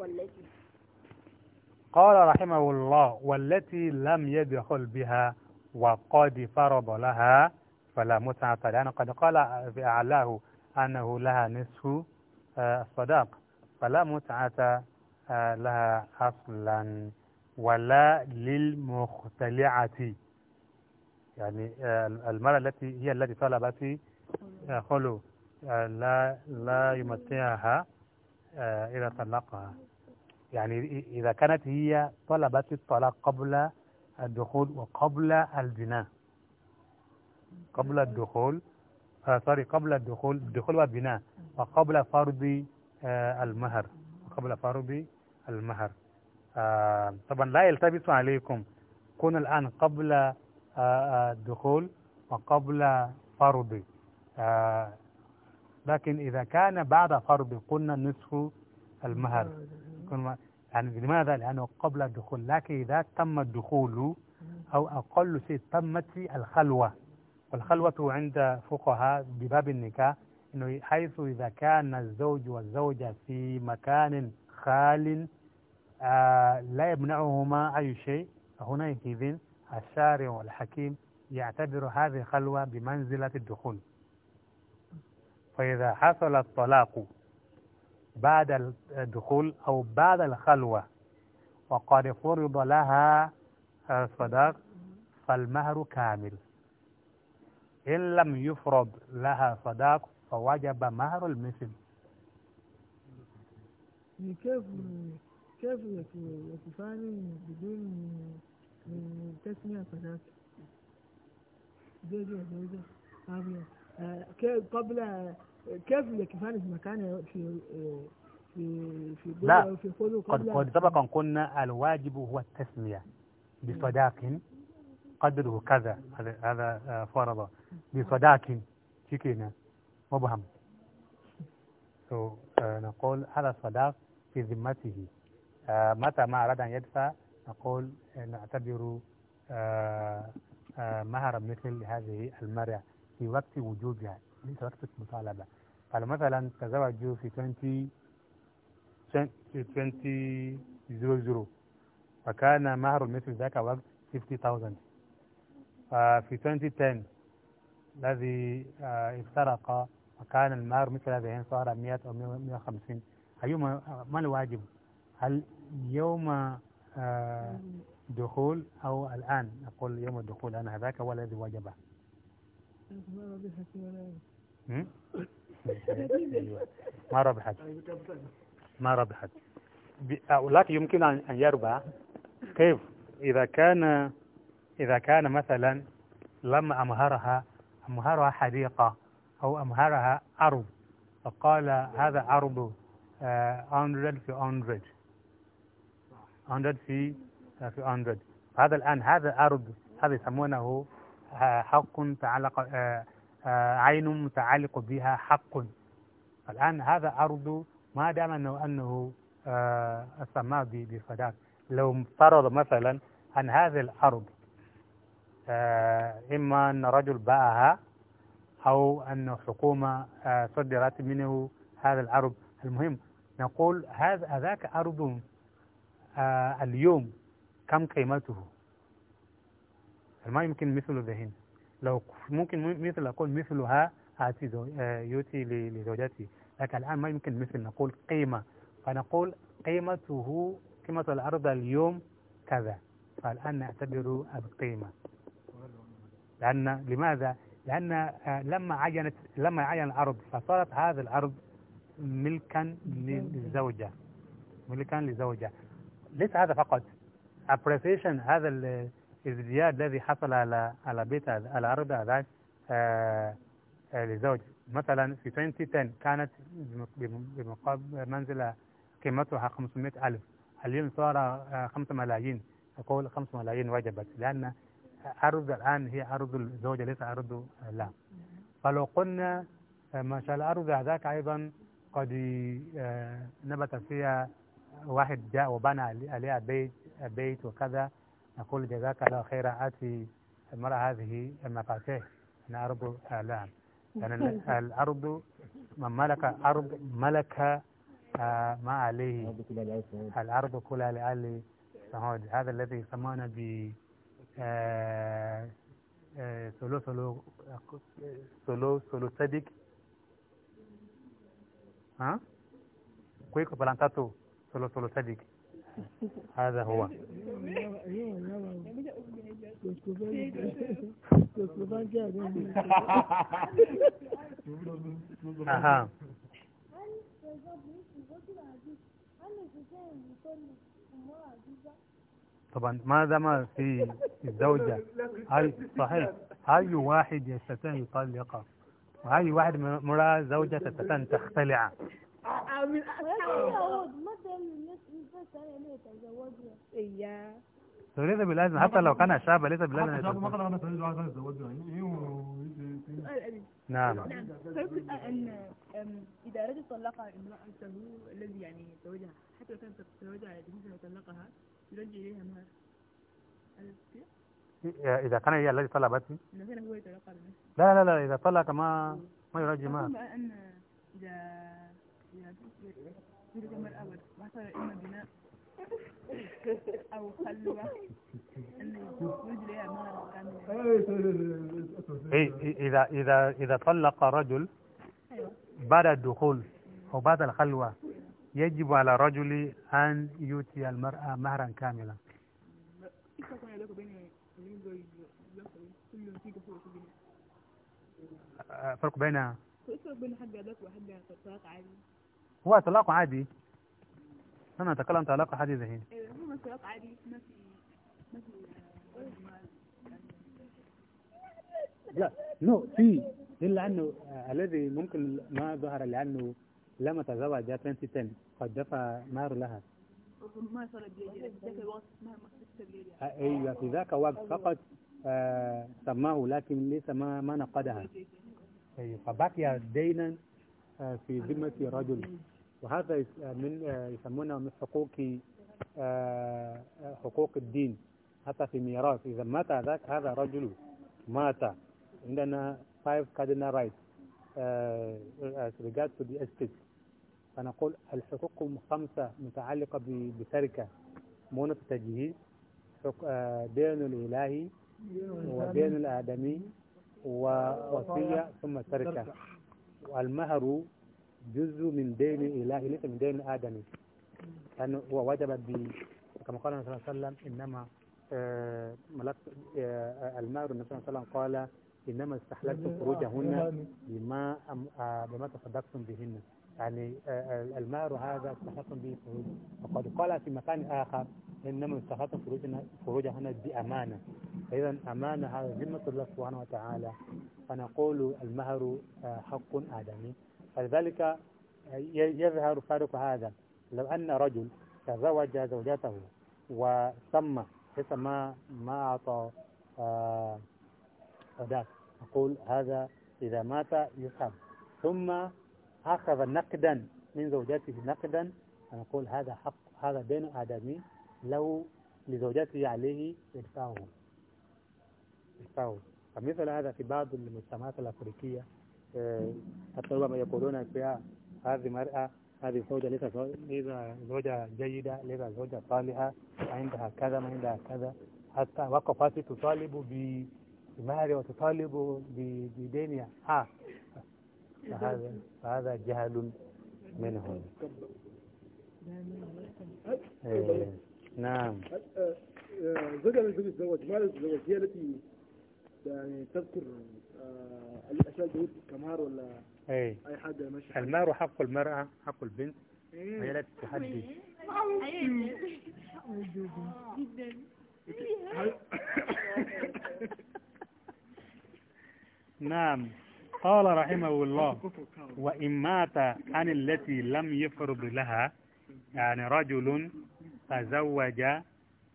والتي قال رحمه الله والتي لم يدخل بها وقد فرض لها فلا متعة لأنه قد قال في أعلاه أنه لها نصف آه، الصداق فلا متعة لها أصلا ولا للمختلعة يعني آه، المرأة التي هي التي طلبت آه، خلو لا لا يمتعها إذا طلقها يعني إذا كانت هي طلبت الطلاق قبل الدخول وقبل البناء قبل الدخول آه سوري قبل الدخول الدخول والبناء وقبل فرض آه المهر قبل فرض المهر آه طبعا لا يلتبس عليكم كون الآن قبل آه،, آه الدخول وقبل فرض آه لكن إذا كان بعد فرض قلنا نصف المهر يكون يعني لماذا؟ لأنه قبل الدخول لكن إذا تم الدخول أو أقل شيء تمت في الخلوة والخلوة عند فقهاء بباب النكاح إنه حيث إذا كان الزوج والزوجة في مكان خال آه لا يمنعهما أي شيء هنائذ الشارع والحكيم يعتبر هذه الخلوة بمنزلة الدخول فإذا حصل الطلاق بعد الدخول أو بعد الخلوة وقد فرض لها الصداق فالمهر كامل إن لم يفرض لها صداق فوجب مهر المثل يعني كيف كيف يتفاني بدون تسمية صداق زوجة زوجة زي زي آه، قبل كيف الاكتفاء مكانه في في في لا في قد قد سبقا قلنا الواجب هو التسمية بصداق قدره كذا هذا هذا آه، فرض بصداق شكينا مبهم so, آه، نقول هذا صداق في ذمته آه، متى ما أراد أن يدفع نقول نعتبر آه مهرا مثل هذه المرأة في وقت وجودها انت مطالبة قال مثلا تزوجوا في 20 في 00 فكان مهر مثل ذاك وقت 50000 ففي 2010 الذي آه، افترق وكان المهر مثل هذه صار 100 أو 150 أيما أيوة، ما الواجب هل يوم آه، دخول أو الآن أقول يوم الدخول أنا هذاك هو الذي واجبه. ما ربحت ما ربحت آه، لك يمكن أن يربح كيف إذا كان إذا كان مثلا لما أمهرها أمهرها حديقة أو أمهرها أرض فقال هذا أرض آه، 100 في 100 100 في آه، في 100 هذا الآن هذا أرض هذا يسمونه حق تعلق آه، عين متعلق بها حق الآن هذا أرض ما دام أنه, أنه آه، السماء بفداك لو افترض مثلا أن هذه الأرض آه، إما أن رجل باعها أو أن حكومة صدرت منه هذا الأرض المهم نقول هذا هذاك أرض اليوم كم قيمته ما يمكن مثل ذهن لو ممكن مثل أقول مثلها هاتي آه، يؤتي لزوجتي لكن الآن ما يمكن مثل نقول قيمة فنقول قيمته قيمة الأرض اليوم كذا فالآن نعتبر القيمة لأن لماذا؟ لأن آه، لما عينت لما عين الأرض فصارت هذه الأرض ملكا للزوجة ملكا لزوجة ليس هذا فقط appreciation هذا الازدياد الذي حصل على على بيت على أرض هذاك آه، آه، لزوج مثلا في 2010 كانت بمقابل منزلة قيمتها 500 ألف اليوم صار 5 آه، ملايين أقول 5 ملايين وجبت لأن أرض الآن هي أرض الزوجة ليس أرض لا فلو قلنا ما شاء الله أرض هذاك أيضا قد نبت فيها واحد جاء وبنى عليها بيت بيت وكذا نقول جزاك الله خيرا آتي المرأة هذه المفاتيح أنا أرض الآن لأن الأرض من ملك أرض ملك آه، ما عليه الأرض كلها لآل سعود هذا الذي يسمونه ب آه، آه، سلو سلو سلو سلو صديق ها كويكو بلانتاتو سلو سلو صديق هذا هو أها طبعا ما في الزوجة هل صحيح أي واحد يستطيع يطلقها وأي واحد مرأة زوجة تستطيع أن تختلع من بلازم حتى لو كان شابا ليس بلازم نعم نعم أراد يطلقها امرأة فهو الذي يعني يتزوجها حتى لو كانت تتزوجها على جنسها وطلقها يرجع إليها مهر إذا كان هي الذي طلع باتي لا لا لا إذا طلق ما ما يرجع مهر أن إذا إما بناء أو خلوة إذا إذا إذا طلق رجل بعد الدخول أو بعد الخلوة يجب على الرجل أن يؤتي المرأة مهرا كاملا أه، فرق بين فرق بين عادي هو طلاق عادي أنا أتكلم طلاق عادي ذهين هو طلاق عادي ما في ما في لا نو في إلا أنه آه، الذي ممكن ما ظهر لأنه لما تزوجت بنت تاني قد دفع مهر لها ما صارت آه، ايوه في ذاك الوقت فقط آه، سماه لكن ليس ما ما نقدها أيوة فبقي دينا في ذمة رجل وهذا آه، من آه، يسمونه من حقوق آه، حقوق الدين حتى في ميراث إذا مات ذاك هذا رجل مات عندنا five cardinal rights as regards to the estate فنقول الحقوق الخمسة متعلقة بتركة مونة التجهيز دين الإلهي ودين الآدمي ووصية ثم تركة والمهر جزء من دين إلهي ليس من دين آدمي لأنه هو وجب كما قال النبي صلى الله عليه وسلم إنما آه، ملك آه، المهر النبي صلى الله عليه وسلم قال إنما استحللت خروجهن بما آه، بما تصدقتم بهن يعني المهر هذا استحللتم به خروج وقد قال في مكان آخر إنما استحللتم خروجنا خروجهن بأمانة فإذا أمانة هذا ذمة الله سبحانه وتعالى فنقول المهر حق آدمي فلذلك يظهر فارق هذا لو أن رجل تزوج زوجته وسمى حيث ما ما أعطى صداق آه، أقول هذا إذا مات يسحب ثم أخذ نقدا من زوجته نقدا نقول هذا حق هذا بين آدمي له لزوجته عليه يدفعه يدفعه فمثل هذا في بعض المجتمعات الأفريقية آه، حتى ربما يقولون فيها هذه مرأة هذه زوجة ليس زوجة جيدة ليس زوجة صالحة عندها كذا ما عندها كذا حتى وقفت تطالب بمهر وتطالب بدينها ها آه. فهذا فهذا جهل منهم إيه، نعم آه، زوجة التي تتزوج ما التي يعني تذكر آه، الأسود كمهار ولا إيه. أي, أي حد ماشي المهر حق المرأة حق البنت إيه. ما هي لا تتحدي نعم قال رحمه الله وإن مات عن التي لم يفرض لها يعني رجل تزوج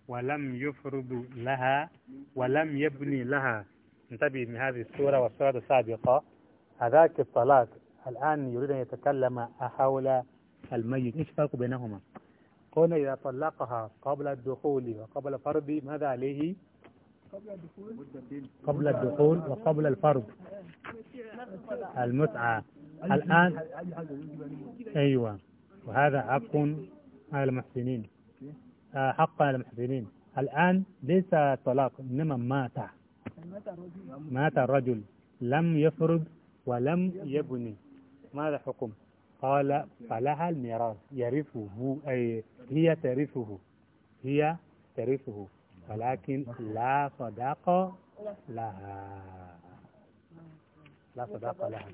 ولم يفرض لها ولم يبني لها انتبه من هذه السورة والسورة السابقة هذاك الطلاق الآن يريد أن يتكلم حول الميت إيش الفرق بينهما هنا إذا طلقها قبل الدخول وقبل الفرض ماذا عليه قبل الدخول وقبل الفرض المتعة الآن أيوة وهذا حق على المحسنين آه، حق على المحسنين الآن ليس طلاق إنما ماتع مات الرجل لم يفرض ولم يبني ماذا حكم قال فلها الميراث يرثه أي هي ترثه هي ترثه ولكن لا صداقة لها لا صداقة لها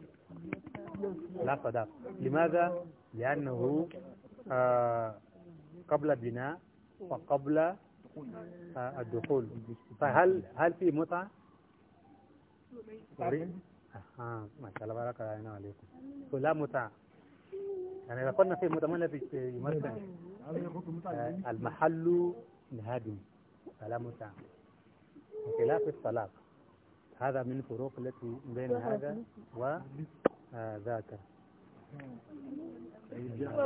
لا صداقة لماذا؟ لأنه آه قبل بناء وقبل الدخول فهل طيب، هل في متعة؟ طيب. آه ما شاء الله بارك الله عليكم لا متعة يعني إذا قلنا في متعة ما الذي يمثل؟ آه، المحل انهدم فلا متعة بخلاف الطلاق هذا من الفروق التي بين هذا وذاك آه،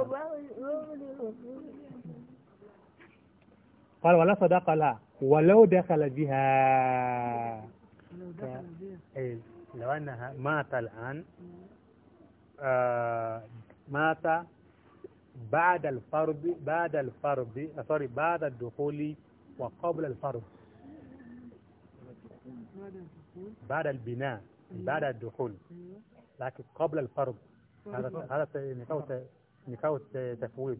قال ولا صدق لها ولو دخل بها لو دخل بها إيه. لو أنها مات الآن آه مات بعد الفرض بعد الفرض سوري بعد الدخول وقبل الفرض بعد البناء أيوه. بعد الدخول أيوه. لكن قبل الفرض هذا هذا نكوت نكوت تفويض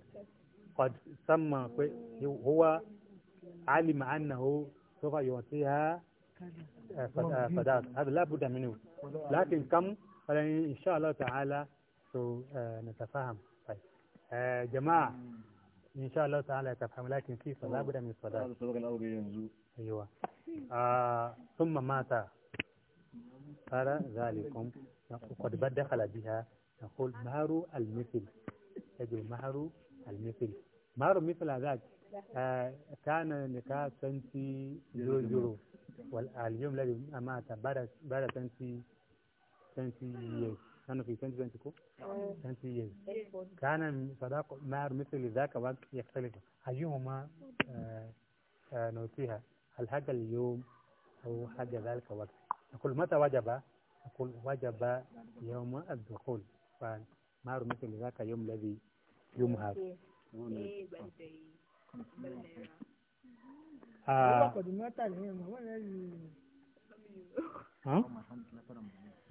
قد سمى هو علم أنه سوف يعطيها آه، فداك هذا لا بد منه لكن كم إن شاء الله تعالى آه، نتفاهم طيب آه، جماعة إن شاء الله تعالى يتفهم لكن كيف لا بد من الصداق أيوة آه ثم مات صار ذلكم وقد بدخل بها نقول مهر المثل يجب مهر المثل مهر المثل هذاك كان النكاح سنتي زيرو زيرو واليوم الذي مات بعد سنتي سنتي يس كان في سنتي سنتي كو سنتي يس كان صداق مار مثل ذاك وقت يختلف أيهما آه، آه، نوتيها هل هذا اليوم أو هذا ذلك وقت نقول متى وجب نقول وجب يوم الدخول فمار مثل ذاك يوم الذي يوم هذا Ah. ¿Ah?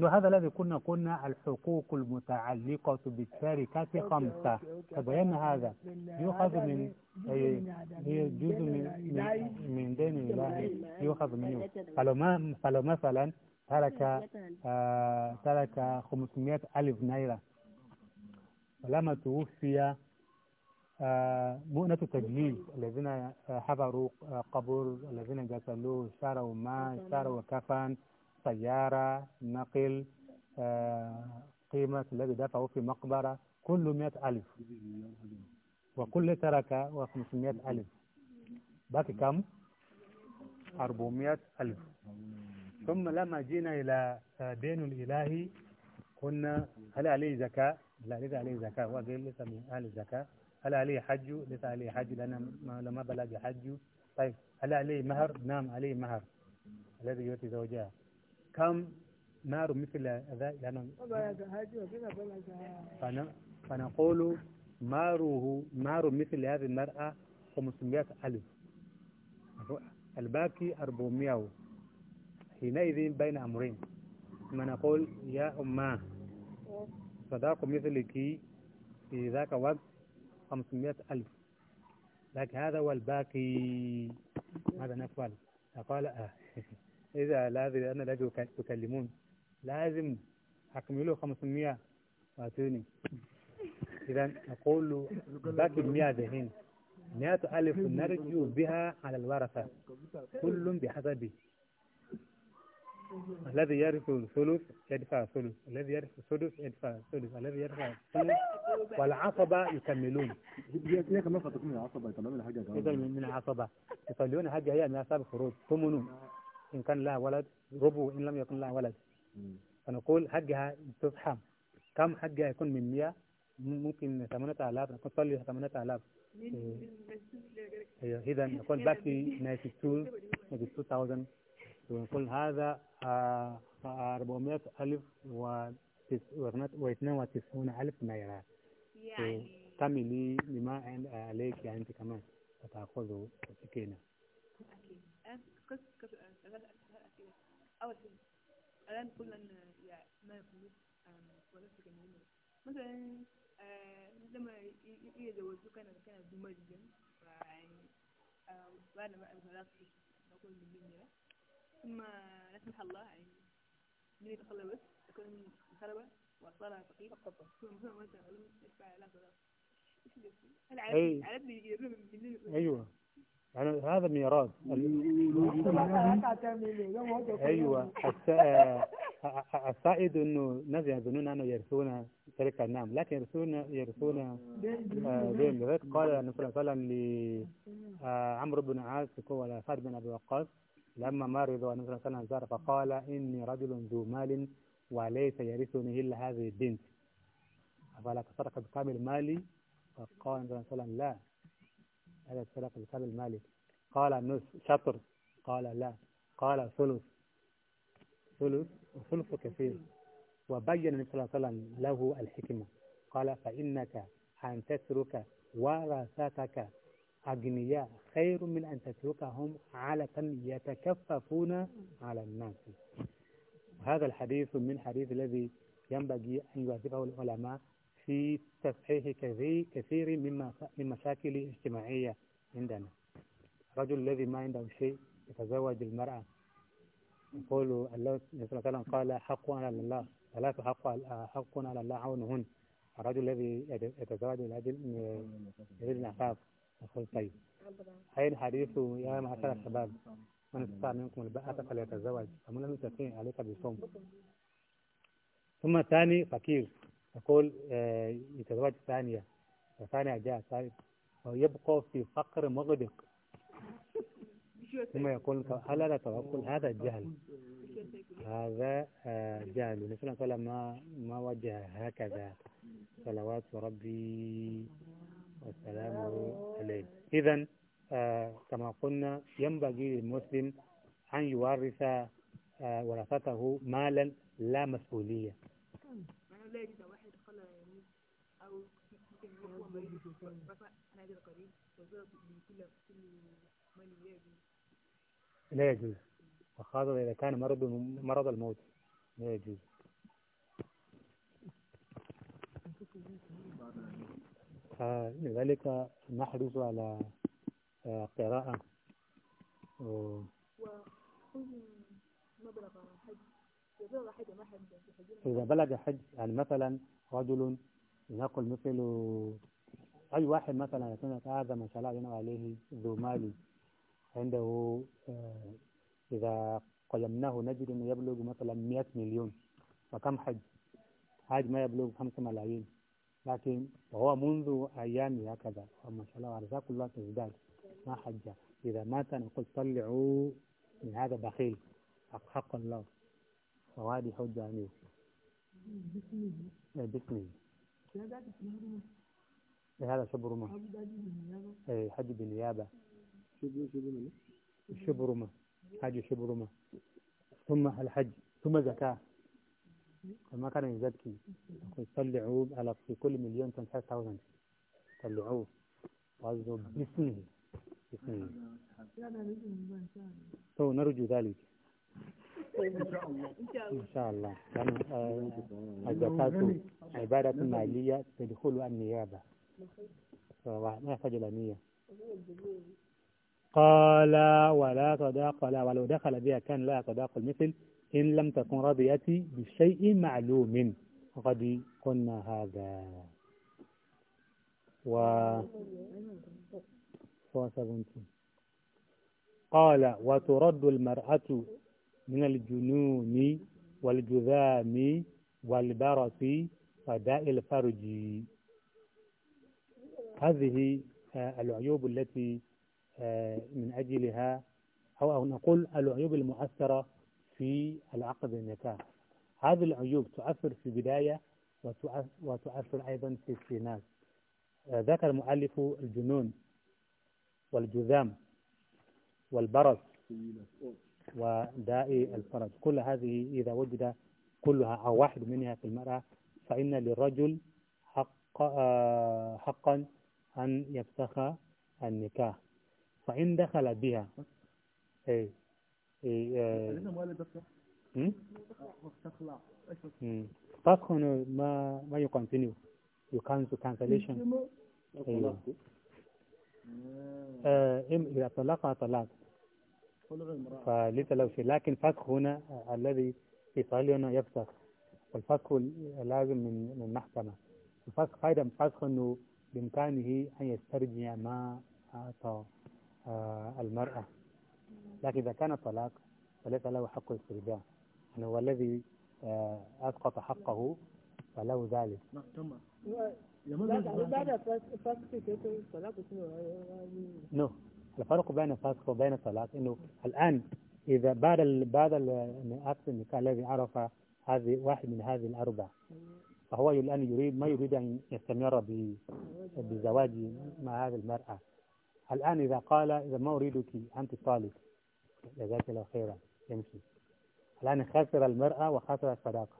هذا الذي كنا قلنا الحقوق المتعلقة بالشركة خمسة تبين هذا يؤخذ من هي جزء من من دين الله يؤخذ منه فلو فلو مثلا ترك آه، ترك 500 ألف نيرة فلما توفي مؤنة التجهيز الذين حضروا قبر الذين غسلوه شاروا ماء شاروا كفن سيارة نقل آه، قيمة الذي دفعوا في مقبرة كل مئة ألف وكل تركة وخمسمائة ألف باقي كم أربعمائة ألف ثم لما جينا إلى آه، دين الإلهي قلنا هل عليه زكاة لا ليس عليه زكاة قال ليس من أهل الزكاة هل عليه حج ليس عليه حج لأن لما بلغ حج طيب هل عليه مهر نعم عليه مهر الذي يؤتي زوجها كم مهر مثل ذا لأن ما بلغ حج فن... فنقول ماره مهر مثل هذه المرأة 500 ألف الباقي 400 حينئذ بين أمرين ما نقول يا أمه صداق مثلك في ذاك وقت خمسمائة ألف لك هذا والباقي ماذا نفعل فقال آه إذا لازم أنا لازم تكلمون لازم أكمله 500 وأتوني إذا أقول باقي المئة ذهين مئة ألف نرجو بها على الورثة كل بحسبه الذي يرث الثلث يدفع الثلث الذي يرث الثلث يدفع الثلث الذي يرث الثلث والعصبة يكملون يكملون إذا من العصبة يصلون حاجة هي من أسباب الخروج ثمنون إن كان لها ولد ربو إن لم يكن لها ولد فنقول حقها تفحم كم حقها يكون من 100 ممكن 8000 نكون صلي 8000 إذا نكون باقي 92 92000 ويقول هذا 400 ألف و92 ألف ليرة يعني لما عليك يعني أنت كمان تأخذه سكينة أول شيء الآن قلنا أن ما يكونش ولا سكنين مثلا لما يتزوجوك أنا كان زوجا فيعني بعد ما بلغت نقول من ثم لا سمح الله يعني نريد أصلي بس تكون خربة وأصلها فقيرة قطة ثم ثم مثلا أقول إدفع لا خلاص أيوة أنا يعني هذا ميراث أيوة آه، السائد أنه الناس يظنون أنه يرثون تلك النعم لكن يرثون يرثون بين آه، قال النبي صلى الله عليه وسلم لعمرو بن عاص ولا سعد بن أبي وقاص لما مرض النبي صلى الله عليه وسلم زار فقال إني رجل ذو مال وليس يرثني إلا هذه البنت فلا تصدق بكامل مالي فقال النبي صلى الله عليه وسلم لا هذا الصدق بكامل مالي قال نصف شطر قال لا قال ثلث ثلث وثلث كثير وبين النبي صلى الله عليه وسلم له الحكمة قال فإنك أن تترك ورثتك أغنياء خير من أن تتركهم عالة يتكففون على الناس هذا الحديث من حديث الذي ينبغي أن يواجبه العلماء في تصحيح كثير من مشاكل اجتماعية عندنا الرجل الذي ما عنده شيء يتزوج المرأة يقول الله صلى الله عليه وسلم قال حق على الله ثلاث حق حق على الله عونهن الرجل الذي يتزوج من أجل يريد العفاف طيب حين الحديث يا معشر الشباب من استطاع منكم الباءة فليتزوج أم لم يستطيع عليك بصوم ثم ثاني فقير يقول آه، يتزوج ثانية الثانية جاء ثالث ويبقى في فقر مغدق ثم يقول هل هذا توكل هذا جهل هذا آه، جهل النبي صلى الله عليه وسلم ما وجه هكذا صلوات ربي والسلام عليه إذا آه كما قلنا ينبغي للمسلم أن يورث آه ورثته مالا لا مسؤولية لا يجوز وخاصة إذا كان مرض مرض الموت لا يجوز لذلك نحرص على آه، قراءة إذا بلغ حج يعني مثلا رجل نقول مثل أي واحد مثلا يكون هذا ما شاء الله عليه ذو مال عنده آه، إذا قيمناه نجد أنه يبلغ مثلا 100 مليون فكم حج؟ حج ما يبلغ 5 ملايين لكن وهو منذ أيام هكذا وما شاء الله أرزاق الله تزداد ما حجة إذا مات نقول طلعوا من هذا بخيل حق له وهذه حجة عليه يعني. باسمه إيه، إيه، هذا شبر ما اي حج بالنيابة شبر ما حج شبر ما ثم الحج ثم زكاة ما كان يزاد كي على في كل مليون 25000 طلعوه وعزوا باسمه باسمه تو نرجو ذلك إن شاء الله إن شاء الله لأن آه، الزكاة عبادة مالية تدخل النيابة ما يحتاج إلى نية قال ولا تداق ولو دخل بها كان لا تداق مثل إن لم تكن راضيتي بشيء معلوم وقد قلنا هذا و قال وترد المرأة من الجنون والجذام والبرص وداء الفرج هذه آه، العيوب التي آه، من أجلها أو نقول العيوب المؤثرة في العقد النكاح هذه العيوب تؤثر في البداية وتؤثر أيضا في السيناس آه، ذكر المؤلف الجنون والجذام والبرص وداء الفرج كل هذه إذا وجد كلها أو واحد منها في المرأة فإن للرجل حق آه، حقا أن يفسخ النكاح فإن دخل بها أي إيه، فسخ إيه؟ إيه. ما ما يكونتينيو you cancel cancellation ايوه ام اذا طلقها طلاق فليس له شيء لكن فسخ هنا آه، الذي في صحيح هنا يفسخ والفسخ لازم من من محكمه الفسخ فايده فسخ انه بامكانه ان يسترجع ما اعطى آه، المراه لكن إذا كان طلاق فليس له حق الاسترجاع يعني هو الذي آه، أسقط حقه فله ذلك آه، آه، نو الفرق بين الفسق وبين الطلاق انه الان اذا بعد ال... بعد عقد النكاح الذي عرف هذه واحد من هذه الاربع فهو الان يريد ما يريد ان يستمر ب... بزواجي مع هذه المراه الان اذا قال اذا ما اريدك انت طالق جزاك الله خيرا يمشي الآن خسر المرأة وخسر الصداقة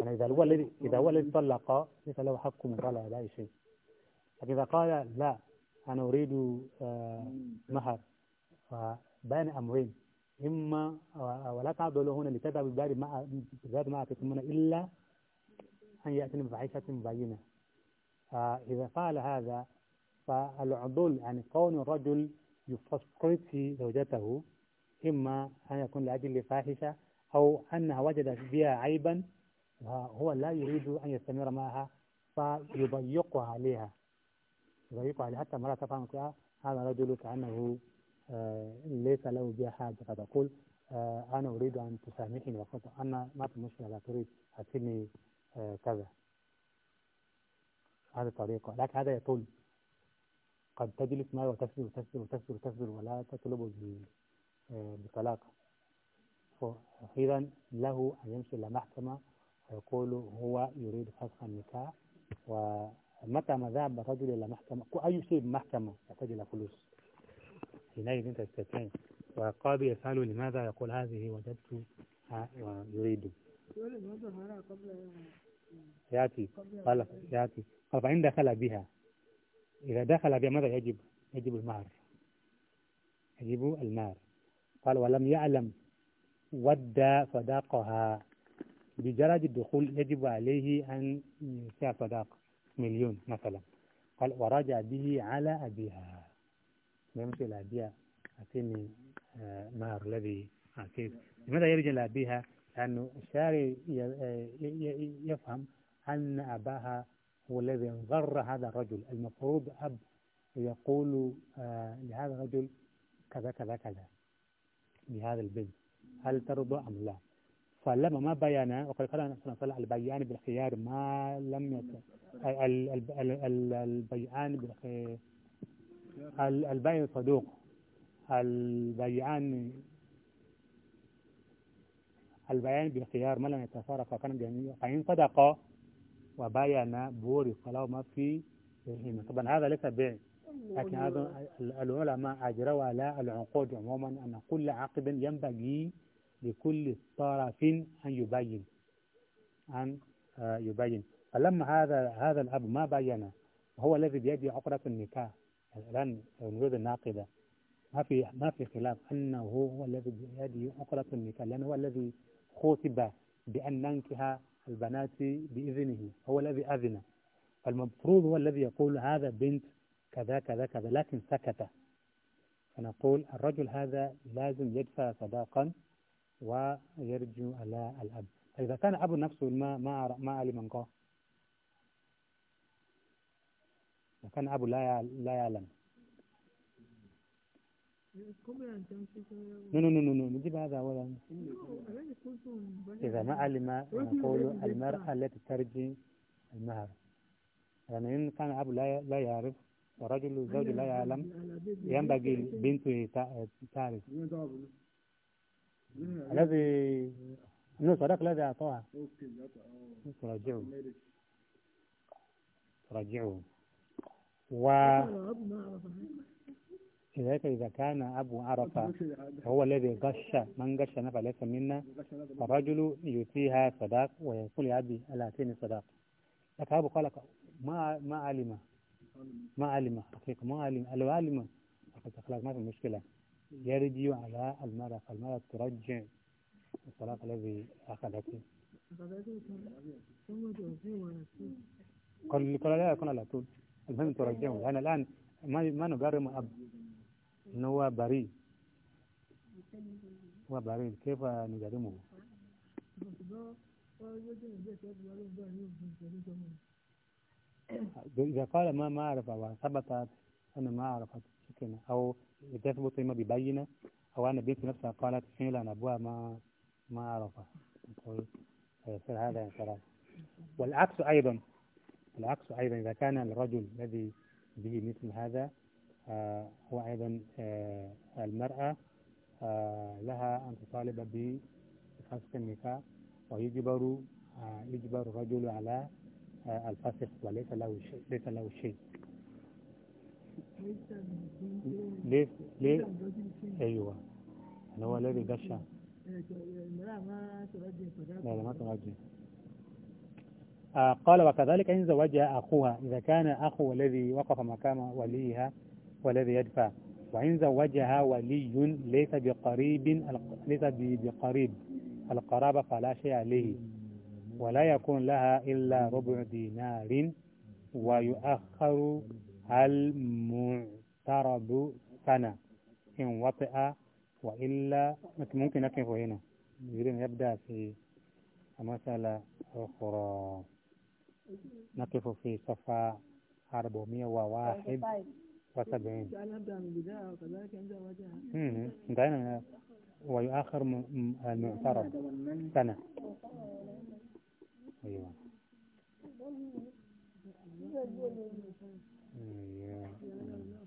يعني إذا هو الذي إذا هو الذي طلق ليس له حق مطالعة بأي شيء لكن إذا قال لا أنا أريد آه، مهر فبين أمرين إما آه، ولا تعضلوا هنا لتذهب بباب ما بباب ما تتمنى إلا أن يأتي بفاحشة مبينة فإذا فعل هذا فالعضل يعني كون الرجل يفسقط زوجته إما أن يكون لأجل فاحشة أو أنها وجدت بها عيبا وهو لا يريد أن يستمر معها فيضيقها عليها يضيقها عليها حتى مرة تفهم هذا رجل كأنه آه، ليس له بها حاجة فتقول آه، أنا أريد أن تسامحني وقلت أنا ما في مشكلة لا تريد أتني آه، كذا هذه الطريقة لكن هذا يطول قد تجلس معي وتفسر وتفسر وتفسر وتفسر ولا تطلب بطلاقة فإذا له أن يمشي إلى محكمة ويقول هو يريد فسخ النكاح ومتى ما ذهب الرجل إلى محكمة أي شيء محكمة يحتاج إلى فلوس حينئذ أنت تستطيع وقاضي يسأله لماذا يقول هذه وجدت يريد يأتي قال يأتي قال فإن دخل بها إذا دخل بها ماذا يجب يجب المهر يجب المهر قال ولم يعلم ودى صداقها بجرد الدخول يجب عليه أن يدفع صداق مليون مثلا قال ورجع به على أبيها يمشي إلى أبيها أعطيني آه، مهر الذي أعطيه لماذا يرجع إلى أبيها؟ لأنه الشاري آه، يفهم أن أباها هو الذي انضر هذا الرجل المفروض أب يقول آه، لهذا الرجل كذا كذا كذا لهذا البنت هل ترضى أم لا فلما ما بيانا وقد قال صلى الله البيان بالخيار ما لم البيان البيان بالخيار البيان صدوق البيان البيان بالخيار ما لم يتفارقا كان جميعا فإن صدقا وبايعنا بوري ما في بيعهما طبعا هذا ليس بيع لكن هذا العلماء أجروا على العقود عموما أن كل عقد ينبغي لكل طرف أن يبين أن آه، يبين فلما هذا هذا الأب ما بين هو الذي بيدي عقدة النكاح الآن نريد الناقده ما في ما في خلاف أنه هو الذي بيدي عقدة النكاح لأنه هو الذي خطب بأن ننكح البنات بإذنه هو الذي أذن فالمفروض هو الذي يقول هذا بنت كذا كذا كذا لكن سكت فنقول الرجل هذا لازم يدفع صداقا ويرجو على الأب فإذا كان أب نفسه ما ما ما علم قال كان أبو لا لا يعلم No, no, no, no, no, نجيب هذا أولا إذا ما علم نقول المرأة التي ترجي المهر لأن يعني إن كان الأب لا يعرف ورجل الزوج لا يعلم ينبغي البنت تعرف الذي انه صدق الذي اعطاها تراجعه تراجعه و لذلك إذا كان أبو عرفة هو الذي غش من نفع ليس منا فالرجل يؤتيها صداق ويقول يا أبي ألا أتيني صداق لكن أبو قال ما ما علم ما علم حقيقة ما علم لو علم فقلت خلاص ما في مشكلة يرجع على المرأة فالمرأة ترجع الصلاة الذي أخذته قال قال لا يكون على طول المهم ترجعه لأن الآن ما ما نجرم أب أنه هو بريء هو بريء كيف نجرمه؟ إذا قال ما ما أعرف أو ثبتت أنا ما أعرفت شكلنا أو تثبت إما ببينة أو أنا بنت نفسها قالت فعلا أبوها ما ما أعرف آه، يصير هذا انفراد والعكس أيضا العكس أيضا إذا كان الرجل الذي به مثل هذا آه، وأيضا آه، المرأة آه، لها أن تطالب بفسخ النكاح ويجبر يجبر الرجل على الفسخ وليس له شيء ليس له شيء ليس ليس أيوه يعني هو الذي دشى لا ما ترجع قال وكذلك إن زوجها أخوها إذا كان أخو الذي وقف مكان وليها والذي يدفع وإن زوجها ولي ليس بقريب ليس بقريب القرابة فلا شيء عليه ولا يكون لها إلا ربع دينار ويؤخر المعترض سنة إن وطئ وإلا ممكن نقف هنا يريد يبدأ في مسألة أخرى نقف في صفحة 401 وسبعين انتهينا ويؤخر المعترض سنة أيوة أيوة, أيوة.